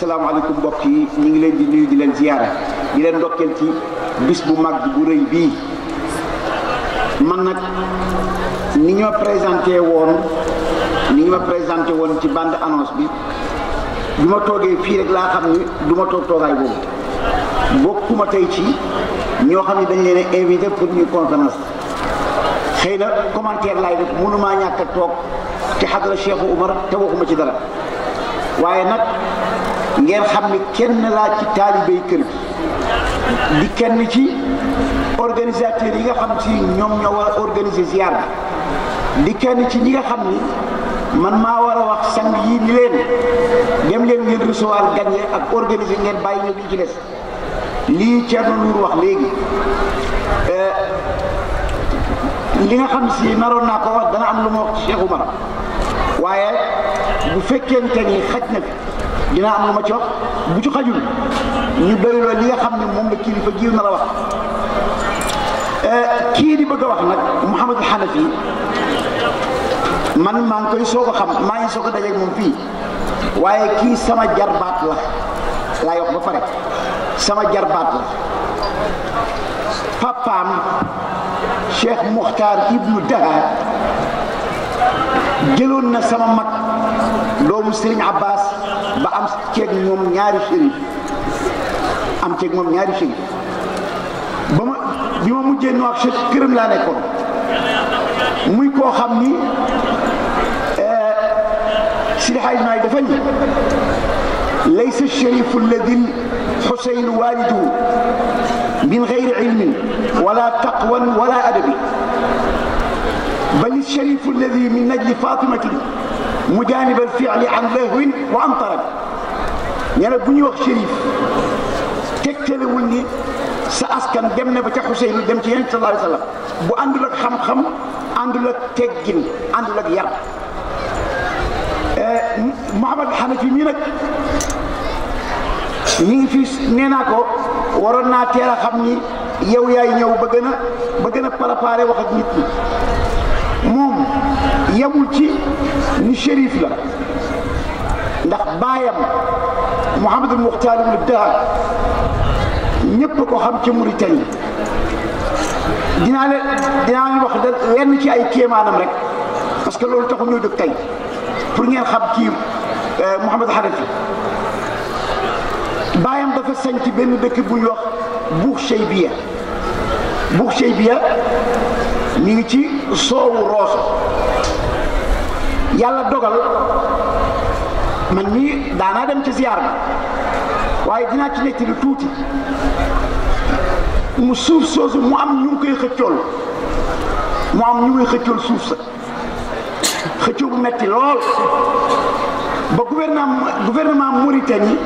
asalaamaaleykum mbokk yi ñu ngi leen di nuyu di leen ziyaara di leen ndokkeel ci bis bu mag bu rëy bii man nag ni ñu ma présenté woon ni ñu ma présenté woon ci band annonce bi du ma toogee fii rek laa xam ni du ma toog toogaay boobu bokkuma tey ci ñoo xam ne dañ leen a invité pour ñu conférence xëy na commentaire laay def mënumaa ñàkk toog ci xadra Cheikh Oumar te waxuma ci dara waaye nag ngeen xam ne kenn laa ci taalibey kër gi di kenn ci organisateurs yi nga xam si ñoom ñoo war a organiser ziar di kenn ci ñi nga xam ni man maa war a wax sang yi ni leen dem leen ngeen recevoir gagné ak organiser ngeen bàyyi ñu li ci des lii Thierno Nour wax léegi eh, li nga xam si naroon naa ko wax dana am lu ma wax ci Cheikh Oumar waaye bu fekkente ni xaj na fi dinaa am ma ci wax bu ci xajul ñu doyloo li nga xam ne moom la kilifa jiw na la wax eh, kii di bëgg a wax nag Mouhamadou Hanafi man maa ngi koy soog a xam maa ngi soog a dajeeg moom fii waaye kii sama jarbaat la laay wax ba pare sama jarbaat la papaam Cheikh Muxtaar Ibnu Daha jëloon na sama mag doomu Serigne Abbas. ba am ceeg ñoom ñaari shérif am ceeg moom ñaari shérif ba ma bi ma mujjee noo ak chef këram laa nekkoon muy koo xam ni eh, Sidi Xaaj Maay dafa ñi laysa shérifu alladi xuseyn waaliduhu min gayri ilmin wala taqwan wala adabi bal shérifu alladi min najli fatimatin مجانب الفعل عن لهو وعن طرب يعني بني وقت شريف تكتلوني سأسكن دمنا بتاح حسين دمتين صلى الله عليه وسلم بو عند لك خم خم عند لك تجن عند لك يرى أه، معبد حنفي مينك مين في نيناكو ورنا تيرا خمني يو ياي نيو بغنا بغنا بارا بارا وخد نتني moom yemul ci ni shérif la ndax baayam Mouhamadul Muxtaar ibnu Dahab ñëpp ko xam ci Mauritanie dinaa leen dinaa leen wax da ci ay kéemaanam rek parce que loolu taxu ñoo jóg tey pour ngeen xam kii euh, Mouhamad Hanafi baayam dafa sañ ci benn dëkk bu ñuy wax Boucheybiya Boucheybiya mi ngi ci soowu rooso yàlla dogal man mii daanaa dem ci ziar bi waaye dinaa ci nekk lu tuuti mu suuf soosu mu am ñu ngi koy xëccool mu am ñu ngi xëccool suuf sa xëccoo bu metti lool ba gouvernement gouvernement Mauritanie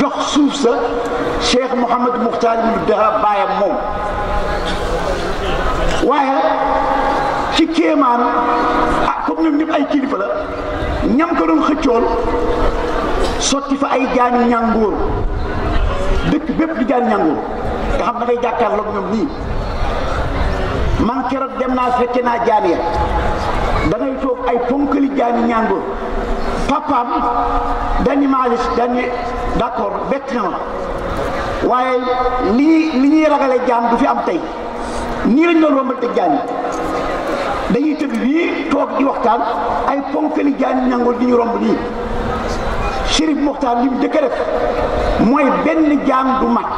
dox suuf sa Cheikh Mouhamed Moukhtar Ibn Dahab baayam moom kéemaan ah comme ay kilifa la ñam ko doon xëccool fa ay jaani dëkk bépp di jaani ñàngoor nga xam da nii man keroog dem naa fekke naa jaan ya da ngay toog ay ponkali jaani ñàngoor papaam dañu maalis dañu d'accord bett na waaye li ñuy ragale jaan bu fi am tey nii lañ doon rombante jaan dañuy tëdd lii toog di waxtaan ay ponkali jaan nangul di ñu romb nii Chérif Mokhtar li mu dëkk def mooy benn jaan du mat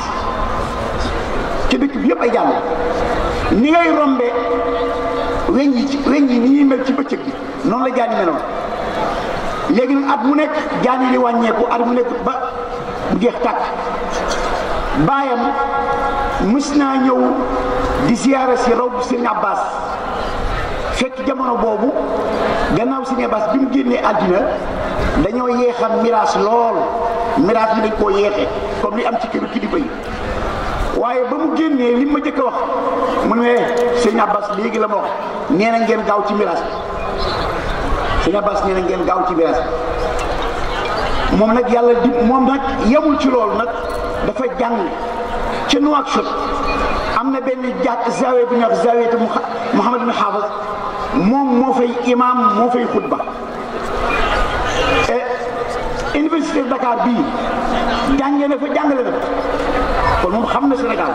ci dëkk bi yëpp ay jaan ni ngay rombe weñ yi ci mel ci bëccëg bi noonu la jaan yi meloon léegi nag at mu nekk jaan yi di wàññeeku at mu nekk ba mu jeex tàkk baayam mës naa ñëw di siyaara si raw bu Sëriñ Abbas fekk jamono boobu gannaaw Sëñ Abbas bi mu génnee àddina dañoo yeexam miraas lool miraas yi dañ koo yeexe comme li am ci këru kilifa yi waaye ba mu génnee li ma njëkk a wax mu ne Sëñ Abbas léegi la ma wax nee ngeen gaaw ci miraas bi Sëñ Abbas nee ngeen gaaw ci miraas moom nag yàlla di moom nag yemul ci lool nag dafa jàng ca Nouakchott am na benn jàkk zawe bi ñuy wax zawe imam mo fay khutba et université de Dakar bi jangé na fa jàngale na kon mom xamna Sénégal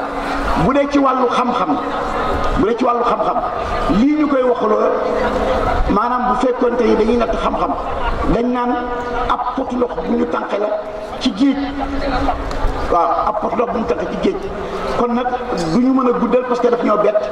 bu dee ci walu xam xam-xam bu dee ci walu xam xam-xam li ñu koy wax lo manam bu fekkonte yi dañuy natt xam-xam dañ nan ap potu lox bu ñu tanké la ci géej waaw ap potu lox bu ñu tanké ci géej kon nak duñu mëna guddal parce que daf ñoo bét